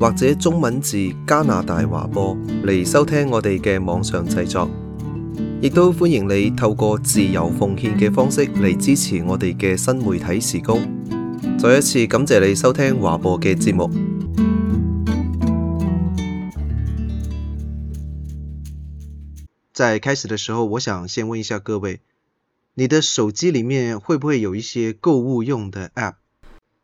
或者中文字加拿大華播嚟，收聽我哋嘅網上製作，亦都歡迎你透過自由奉獻嘅方式嚟支持我哋嘅新媒體事工。再一次感謝你收聽華播嘅節目。在開始的時候，我想先問一下各位，你的手機裏面會不會有一些購物用嘅 App？